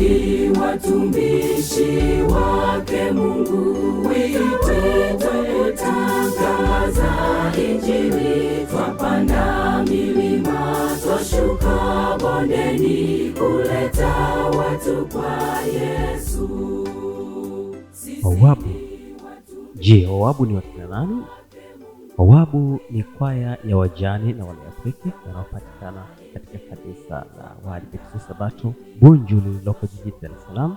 Ili watumishi wake Mungu wito kutangaza Injili, twapanda milima, twashuka bondeni, kuleta watu kwa Yesu. Wawabu. Je, Wawabu ni watu nani? Bawabu ni kwaya ya wajane na wanaafrika wanaopatikana katika kanisa la Waadventista Sabato Bunju lililoko jijini Dar es Salaam,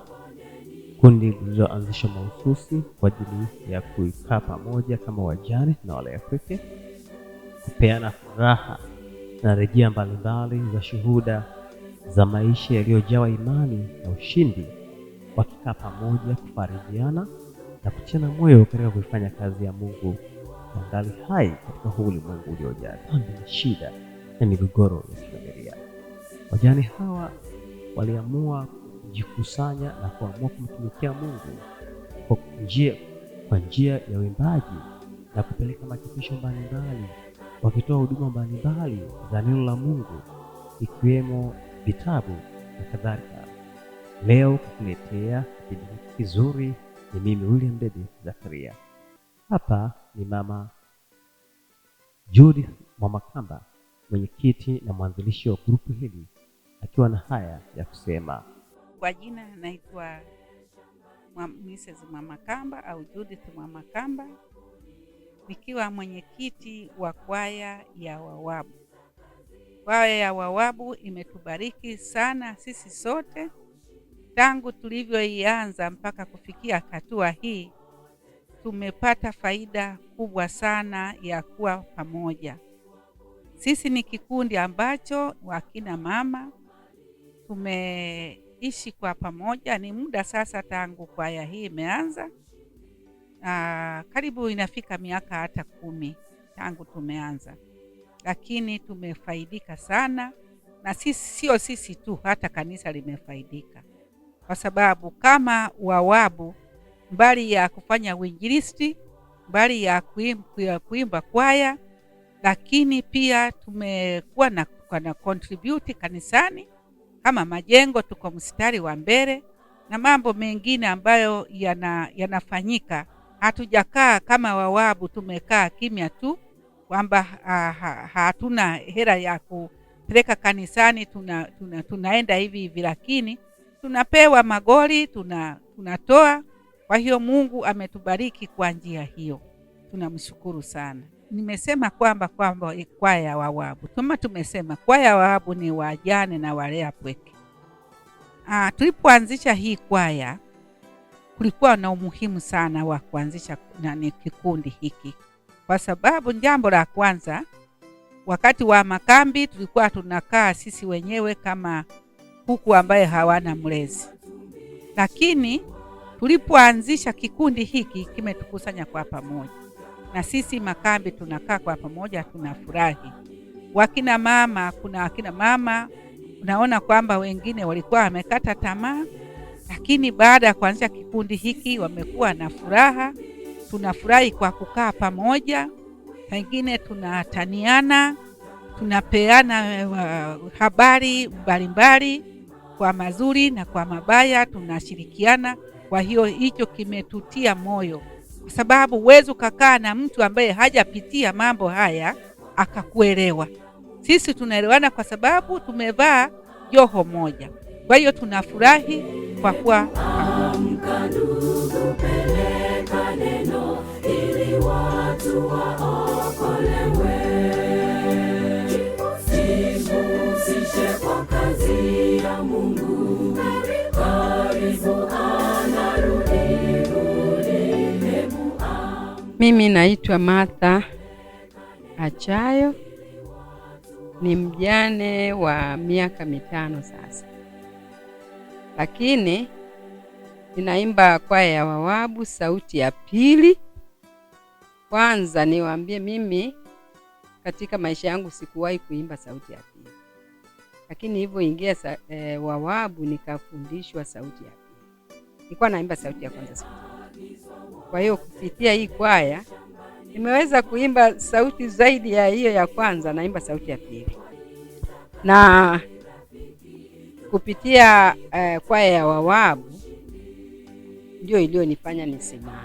kundi lililoanzishwa mahususi kwa ajili ya kuikaa pamoja kama wajane na wanaafrika, kupeana furaha na rejea mbalimbali za shuhuda za maisha yaliyojawa imani na ushindi, wakikaa pamoja kufarijiana na kuchana moyo katika kuifanya kazi ya Mungu angali hai katika huu ulimwengu uliojaa dhambi na shida na migogoro ya kifamilia. Wajane hawa waliamua kujikusanya na kuamua kumtumikia Mungu kwa njia kwa njia ya uimbaji na kupeleka machapisho mbalimbali, wakitoa huduma mbalimbali za neno la Mungu ikiwemo vitabu na kadhalika. Leo kukuletea kipindi kizuri ni mimi William Bebe Zakaria hapa ni Mama Judith Mwamakamba, mwenyekiti na mwanzilishi wa grupu hili, akiwa na haya ya kusema. Kwa jina naitwa Mrs. Mwamakamba au Judith Mwamakamba, nikiwa mwenyekiti wa kwaya ya Wawabu. Kwaya ya Wawabu imetubariki sana sisi sote tangu tulivyoianza mpaka kufikia hatua hii tumepata faida kubwa sana ya kuwa pamoja. Sisi ni kikundi ambacho wakina mama tumeishi kwa pamoja, ni muda sasa tangu kwaya hii imeanza. Aa, karibu inafika miaka hata kumi tangu tumeanza, lakini tumefaidika sana na sisi, sio sisi tu, hata kanisa limefaidika kwa sababu kama Wawabu mbali ya kufanya uinjilisti, mbali ya kuimba, kuimba kwaya, lakini pia tumekuwa na, na contribute kanisani kama majengo, tuko mstari wa mbele na mambo mengine ambayo yana, yanafanyika. Hatujakaa kama wawabu, tumekaa kimya tu kwamba hatuna ha, hela ya kupeleka kanisani, tuna, tuna, tunaenda hivi hivi, lakini tunapewa magoli tuna, tunatoa kwa hiyo Mungu ametubariki kwa njia hiyo, tunamshukuru sana. Nimesema kwamba kwamba kwaya ya Wawabu tuma, tumesema kwaya ya Wawabu ni wajane na walea pweke. Ah, tulipoanzisha hii kwaya kulikuwa na umuhimu sana wa kuanzisha na kikundi hiki, kwa sababu jambo la kwanza, wakati wa makambi tulikuwa tunakaa sisi wenyewe kama kuku ambaye hawana mlezi, lakini Tulipoanzisha kikundi hiki kimetukusanya kwa pamoja, na sisi makambi tunakaa kwa pamoja, tunafurahi. Wakina mama, kuna wakina mama unaona kwamba wengine walikuwa wamekata tamaa, lakini baada ya kuanzisha kikundi hiki wamekuwa na furaha. Tunafurahi kwa kukaa pamoja, wengine tunataniana, tunapeana uh, habari mbalimbali kwa mazuri na kwa mabaya, tunashirikiana. Kwa hiyo hicho kimetutia moyo, kwa sababu huwezi ukakaa na mtu ambaye hajapitia mambo haya akakuelewa. Sisi tunaelewana kwa sababu tumevaa joho moja, kwa hiyo tunafurahi kwa kuwa neno ili watu Mungu. Mimi naitwa Martha Achayo, ni mjane wa miaka mitano sasa, lakini ninaimba kwaya ya Wawabu sauti ya pili. Kwanza niwaambie, mimi katika maisha yangu sikuwahi kuimba sauti ya pili, lakini hivyo ingia sa, e, Wawabu nikafundishwa sauti ya pili. Nilikuwa naimba sauti ya kwanza, sauti kwa hiyo kupitia hii kwaya nimeweza kuimba sauti zaidi ya hiyo ya kwanza, naimba sauti ya pili, na kupitia eh, kwaya ya Wawabu ndio iliyonifanya nisimame.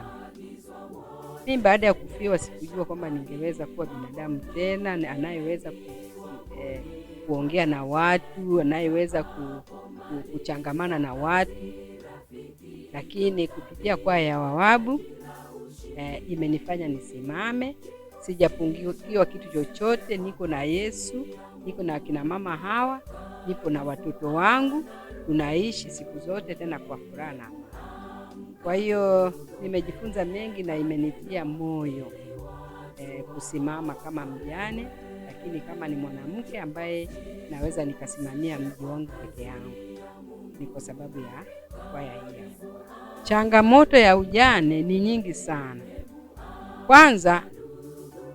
Mimi baada ya kufiwa sikujua kwamba ningeweza kuwa binadamu tena anayeweza ku, eh, kuongea na watu, anayeweza ku, ku, kuchangamana na watu lakini kupitia kwaya ya Wawabu e, imenifanya nisimame. Sijapungukiwa kitu chochote, niko na Yesu, niko na akina mama hawa, nipo na watoto wangu, tunaishi siku zote tena kwa furaha. Kwa hiyo nimejifunza mengi na imenitia moyo e, kusimama kama mjane, lakini kama ni mwanamke ambaye naweza nikasimamia mji wangu peke yangu, ni kwa sababu ya kwa Yairo. Changamoto ya ujane ni nyingi sana. Kwanza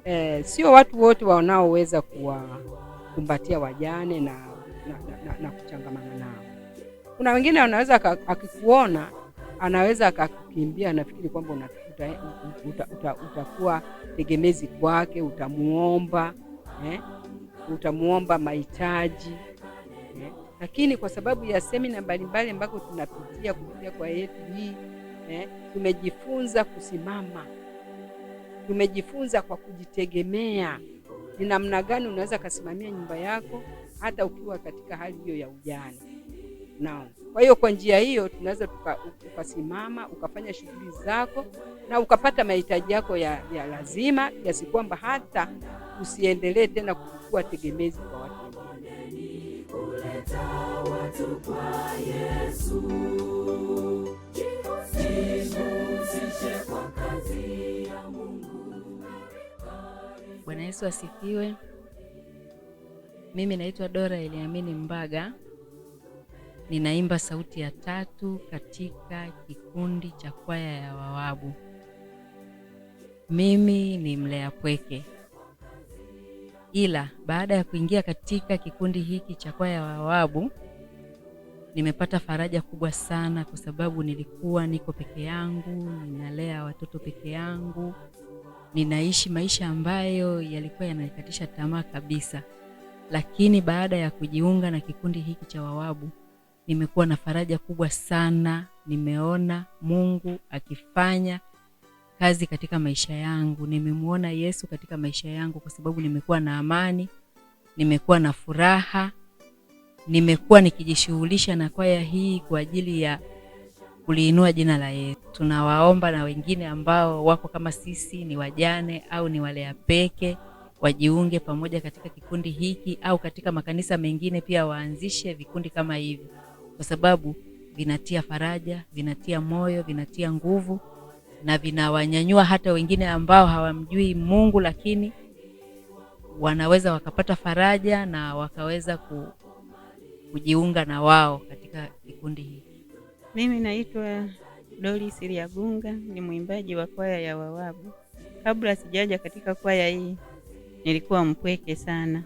eh, sio watu wote wanaoweza kuwakumbatia wajane na, na, na, na, na kuchangamana nao. Kuna wengine wanaweza akikuona anaweza akakimbia, anafikiri kwamba utakuwa uta, uta, uta tegemezi kwake, utamuomba eh, utamuomba mahitaji eh. Lakini kwa sababu ya semina mbalimbali ambako tunapi pia kupitia kwa yetu hii eh, tumejifunza kusimama, tumejifunza kwa kujitegemea, ni namna gani unaweza kasimamia nyumba yako hata ukiwa katika hali hiyo ya ujana. Naam, kwa hiyo kwa njia hiyo tunaweza ukasimama ukafanya shughuli zako na ukapata mahitaji yako ya, ya lazima kiasi kwamba hata usiendelee tena kuwa tegemezi kwa watu wengine. Bwana Yesu asifiwe. Mimi naitwa Dora Eliamini Mbaga, ninaimba sauti ya tatu katika kikundi cha kwaya ya Wawabu. Mimi ni mlea pweke, ila baada ya kuingia katika kikundi hiki cha kwaya ya Wawabu nimepata faraja kubwa sana, kwa sababu nilikuwa niko peke yangu, ninalea watoto peke yangu, ninaishi maisha ambayo yalikuwa yanaikatisha tamaa kabisa. Lakini baada ya kujiunga na kikundi hiki cha Wawabu nimekuwa na faraja kubwa sana. Nimeona Mungu akifanya kazi katika maisha yangu, nimemwona Yesu katika maisha yangu, kwa sababu nimekuwa na amani, nimekuwa na furaha nimekuwa nikijishughulisha na kwaya hii kwa ajili ya kuliinua jina la Yesu. Tunawaomba na wengine ambao wako kama sisi ni wajane au ni walea peke wajiunge pamoja katika kikundi hiki au katika makanisa mengine pia waanzishe vikundi kama hivi, kwa sababu vinatia faraja, vinatia moyo, vinatia nguvu na vinawanyanyua hata wengine ambao hawamjui Mungu, lakini wanaweza wakapata faraja na wakaweza ku kujiunga na wao katika kikundi hiki? Mimi naitwa Dori Siliagunga, ni mwimbaji wa kwaya ya Wawabu. Kabla sijaja katika kwaya hii nilikuwa mpweke sana,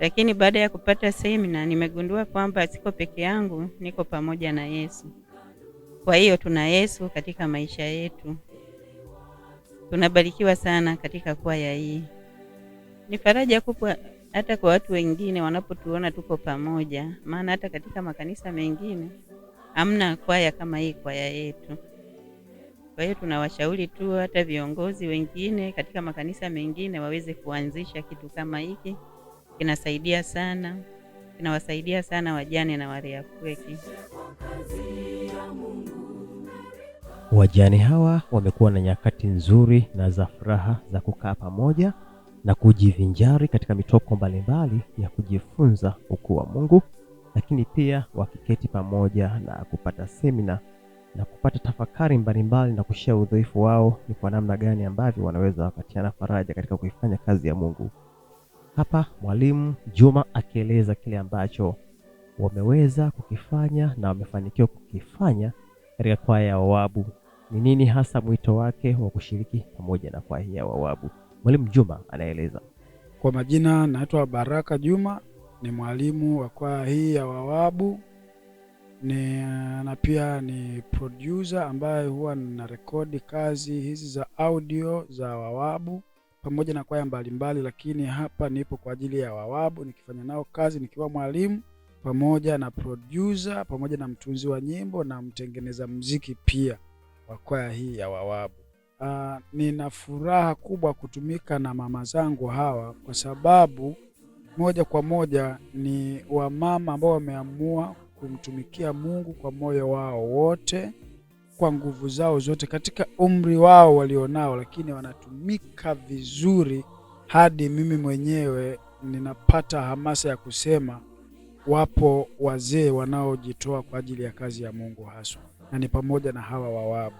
lakini baada ya kupata semina nimegundua kwamba siko peke yangu, niko pamoja na Yesu. Kwa hiyo tuna Yesu katika maisha yetu. Tunabarikiwa sana katika kwaya hii, ni faraja kubwa hata kwa watu wengine wanapotuona tuko pamoja, maana hata katika makanisa mengine hamna kwaya kama hii kwaya yetu. Kwa hiyo tunawashauri tu hata viongozi wengine katika makanisa mengine waweze kuanzisha kitu kama hiki, kinasaidia sana, kinawasaidia sana wajane na kweki. Wajane hawa wamekuwa na nyakati nzuri na za furaha za kukaa pamoja na kujivinjari katika mitoko mbalimbali ya kujifunza ukuu wa Mungu, lakini pia wakiketi pamoja na kupata semina na kupata tafakari mbalimbali na kushia udhaifu wao ni kwa namna gani ambavyo wanaweza wakatiana faraja katika kuifanya kazi ya Mungu. Hapa Mwalimu Juma akieleza kile ambacho wameweza kukifanya na wamefanikiwa kukifanya katika kwaya ya Wawabu. Ni nini hasa mwito wake wa kushiriki pamoja na kwaya ya Wawabu? Mwalimu Juma anaeleza. Kwa majina naitwa Baraka Juma, ni mwalimu wa kwaya hii ya Wawabu ni, eh, na pia ni producer ambaye huwa ninarekodi kazi hizi za audio za Wawabu pamoja na kwaya mbalimbali, lakini hapa nipo kwa ajili ya Wawabu nikifanya nao kazi nikiwa mwalimu pamoja na producer pamoja na mtunzi wa nyimbo na mtengeneza mziki pia wa kwaya hii ya Wawabu. Uh, nina furaha kubwa kutumika na mama zangu hawa kwa sababu moja kwa moja ni wamama ambao wameamua kumtumikia Mungu kwa moyo wao wote, kwa nguvu zao zote, katika umri wao walionao, lakini wanatumika vizuri hadi mimi mwenyewe ninapata hamasa ya kusema wapo wazee wanaojitoa kwa ajili ya kazi ya Mungu haswa, na ni pamoja na hawa wawabu.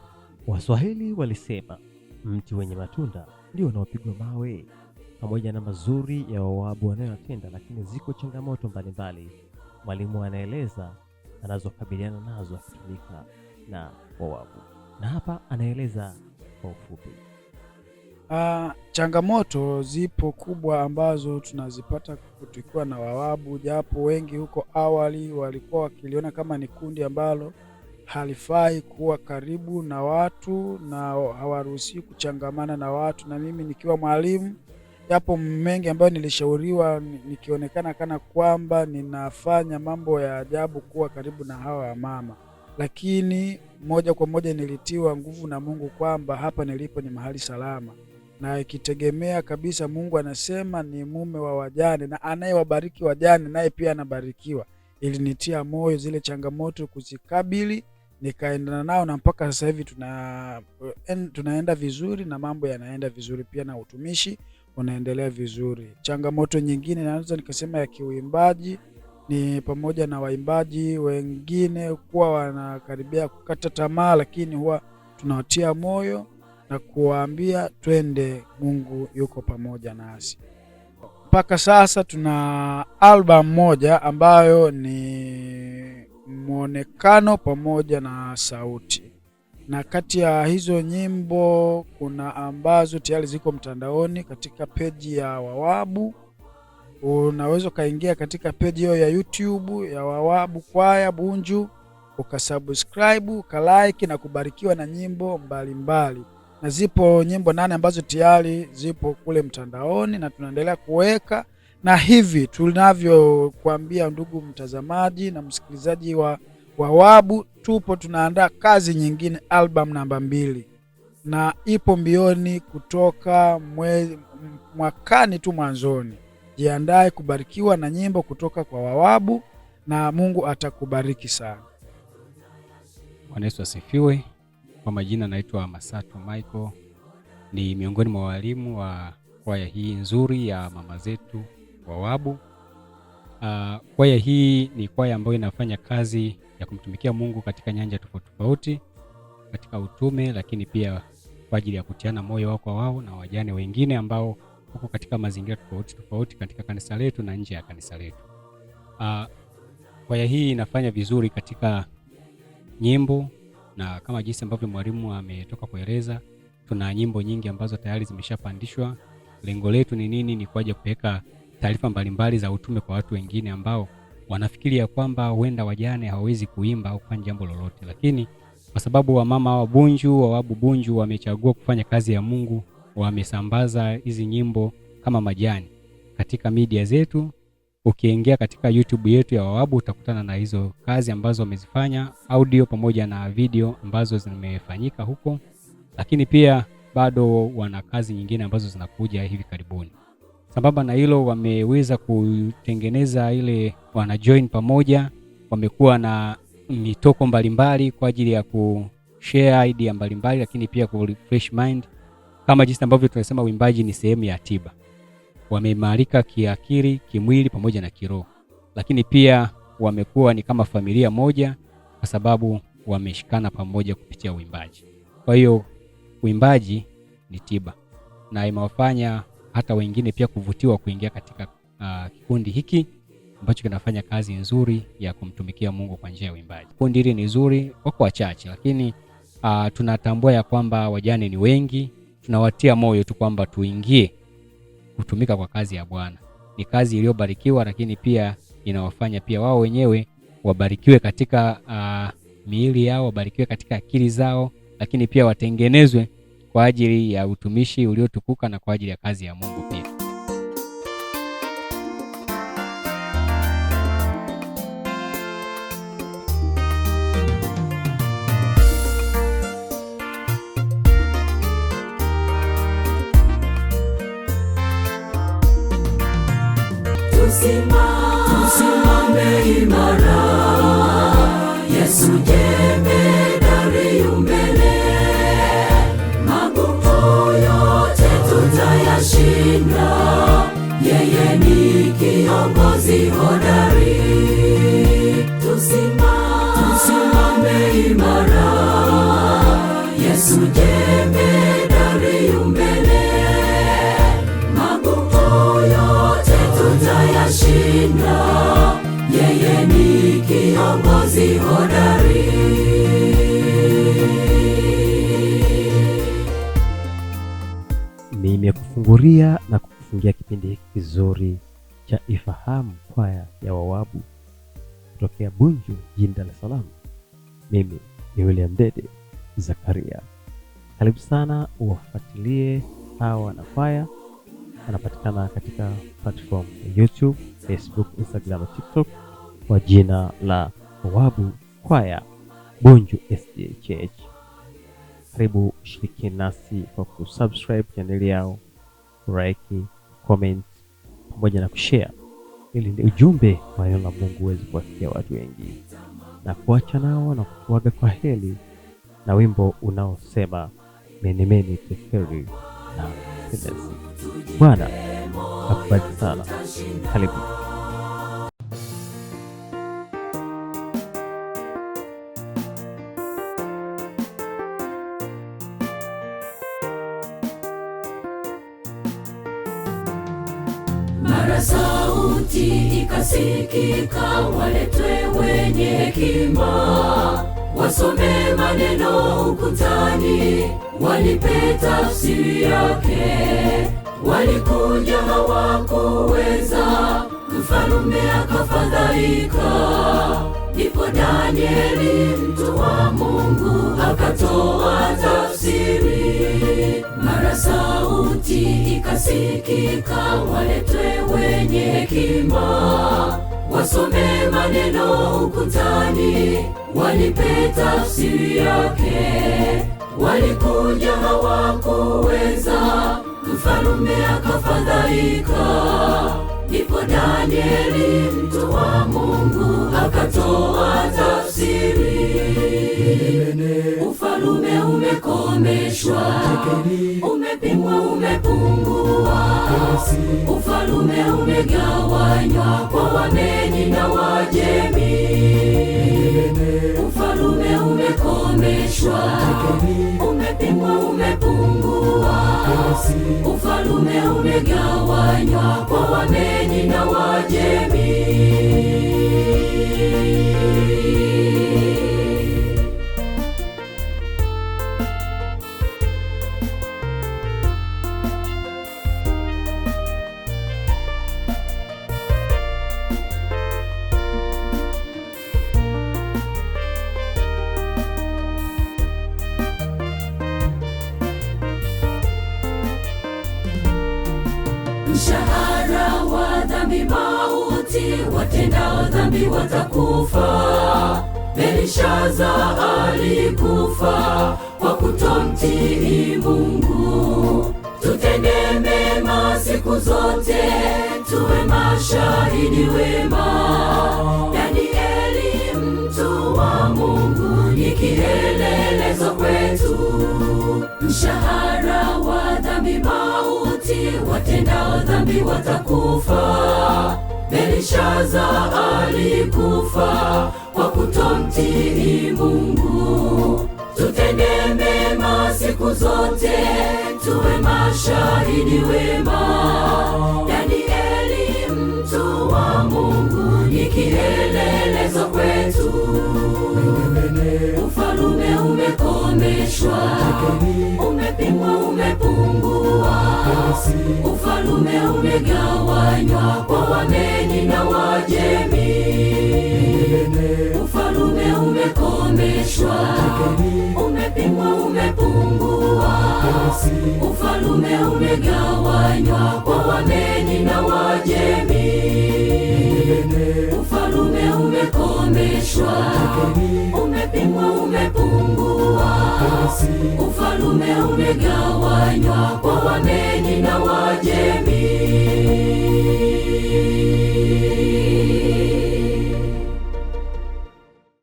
Waswahili walisema mti wenye matunda ndio unaopigwa mawe. Pamoja na mazuri ya wawabu wanayotenda, lakini ziko changamoto mbalimbali mwalimu anaeleza anazokabiliana nazo akitumika na wawabu, na hapa anaeleza kwa ufupi. Uh, changamoto zipo kubwa ambazo tunazipata tukiwa na wawabu, japo wengi huko awali walikuwa wakiliona kama ni kundi ambalo halifai kuwa karibu na watu na hawaruhusiwi kuchangamana na watu. Na mimi nikiwa mwalimu, yapo mengi ambayo nilishauriwa, nikionekana kana kwamba ninafanya mambo ya ajabu kuwa karibu na hawa mama lakini moja kwa moja nilitiwa nguvu na Mungu kwamba hapa nilipo ni mahali salama na ikitegemea kabisa. Mungu anasema ni mume wa wajane na anayewabariki wajane naye pia anabarikiwa. Ilinitia moyo zile changamoto kuzikabili nikaendana nao na mpaka sasa hivi tuna, tunaenda vizuri na mambo yanaenda vizuri pia na utumishi unaendelea vizuri. Changamoto nyingine naweza nikasema ya kiuimbaji ni pamoja na waimbaji wengine kuwa wanakaribia kukata tamaa, lakini huwa tunawatia moyo na kuwaambia twende, Mungu yuko pamoja nasi. Mpaka sasa tuna album moja ambayo ni mwonekano pamoja na sauti. Na kati ya hizo nyimbo kuna ambazo tayari ziko mtandaoni katika peji ya Wawabu. Unaweza ukaingia katika peji hiyo ya YouTube ya Wawabu Kwaya Bunju ukasubscribe ukalike na kubarikiwa na nyimbo mbalimbali mbali. Na zipo nyimbo nane ambazo tayari zipo kule mtandaoni na tunaendelea kuweka na hivi tunavyokuambia, ndugu mtazamaji na msikilizaji wa Wawabu, tupo tunaandaa kazi nyingine, album namba mbili, na ipo mbioni kutoka mwe, mwakani tu mwanzoni. Jiandae kubarikiwa na nyimbo kutoka kwa Wawabu na Mungu atakubariki sana. Bwana asifiwe. Kwa majina naitwa Masato Michael, ni miongoni mwa walimu wa kwaya hii nzuri ya mama zetu wa Wabu. Uh, kwaya hii ni kwaya ambayo inafanya kazi ya kumtumikia Mungu katika nyanja tofauti tofauti, katika utume, lakini pia kwa ajili ya kutiana moyo wao kwa wao na wajane wengine ambao wako katika mazingira tofauti tofauti katika kanisa letu na nje ya kanisa letu. Uh, kwaya hii inafanya vizuri katika nyimbo na kama jinsi ambavyo mwalimu ametoka kueleza, tuna nyimbo nyingi ambazo tayari zimeshapandishwa. Lengo letu ni nini? Ni kwaja kuweka taarifa mbalimbali za utume kwa watu wengine ambao wanafikiri ya kwamba huenda wajane hawawezi kuimba au kufanya jambo lolote, lakini kwa sababu wamama wa Bunju wa Wabu Bunju wamechagua kufanya kazi ya Mungu, wamesambaza hizi nyimbo kama majani katika media zetu. Ukiingia katika YouTube yetu ya Wawabu utakutana na hizo kazi ambazo wamezifanya, audio pamoja na video ambazo zimefanyika huko, lakini pia bado wana kazi nyingine ambazo zinakuja hivi karibuni. Sambamba na hilo, wameweza kutengeneza ile, wana join pamoja, wamekuwa na mitoko mbalimbali kwa ajili ya kushare idea mbalimbali, lakini pia ku refresh mind, kama jinsi ambavyo tunasema uimbaji ni sehemu ya tiba. Wameimarika kiakili, kimwili pamoja na kiroho, lakini pia wamekuwa ni kama familia moja, kwa sababu wameshikana pamoja kupitia uimbaji. Kwa hiyo uimbaji ni tiba na imewafanya hata wengine pia kuvutiwa kuingia katika uh, kikundi hiki ambacho kinafanya kazi nzuri ya kumtumikia Mungu kwa njia ya uimbaji. Kundi hili ni zuri, wako wachache, lakini uh, tunatambua ya kwamba wajane ni wengi. Tunawatia moyo tu kwamba tuingie kutumika kwa kazi ya Bwana. Ni kazi iliyobarikiwa, lakini pia inawafanya pia wao wenyewe wabarikiwe katika uh, miili yao, wabarikiwe katika akili zao, lakini pia watengenezwe kwa ajili ya utumishi uliotukuka na kwa ajili ya kazi ya Mungu pia. Tusimame imara. kushinda. Yeye ni kiongozi hodari, tusimame imara. Yesu jemedari yu magumu yote tutayashinda. Yeye ni kiongozi hodari kukutangulia na kukufungia kipindi hiki kizuri cha Ifahamu Kwaya ya Wawabu kutokea Bunju jijini Dar es Salaam. Mimi ni William Dede Zakaria. Karibu sana uwafuatilie hawa na kwaya. Anapatikana katika platform ya YouTube, Facebook, Instagram TikTok kwa jina la Wawabu Kwaya Bunju SDA Church. Karibu ushiriki nasi kwa kusubscribe chaneli yao kulike, comment pamoja na kushare, ili ujumbe wa neno la Mungu uweze kuwafikia watu wengi, na kuacha nao na kukuaga kwa heri na wimbo unaosema menimeni teferi na Bwana akubariki sana, karibu. wasome maneno ukutani, walipe tafsiri yake, walikuja hawakuweza, mfalume akafadhaika. Ndipo Danieli mtu wa Mungu akatoa tafsiri, mara sauti ikasikika, waletwe wenye hekima wasome maneno ukutani, walipe tafsiri yake. Walikuja hawakuweza, mfalume akafadhaika. Ndipo Danieli mtu wa Mungu akatoa tafsiri: ufalume umekomeshwa, umepimwa, ume Ufalume umegawanywa kwa Wameni na Wajemi. Ufalume umekomeshwa, umepimwa, umepungua. Ufalume umegawanywa kwa Wameni na Wajemi. dhambi watakufa. belishaza alikufa kwa kutomtii Mungu. Tutende mema siku zote, tuwe mashahidi wema. Danieli mtu wa Mungu ni kielelezo kwetu. Mshahara wa dhambi mauti, watendao dhambi watakufa belishaza alikufa kwa kutomtii Mungu. Tutende mema siku zote, tuwe mashahidi wema. Danieli mtu wa Mungu ni kielelezo kwetu. Ufalume umekomeshwa, umepimwa, umepungua ufalume umegawanywa kwa Wameni na Wajemi, ufalume umekomeshwa, umepimwa, umepungua. ufalume umegawanywa kwa Wameni na Wajemi, ufalume umekomeshwa, umepimwa, umepungua ufalume umegawanywa kwa Wameni na Wajemi.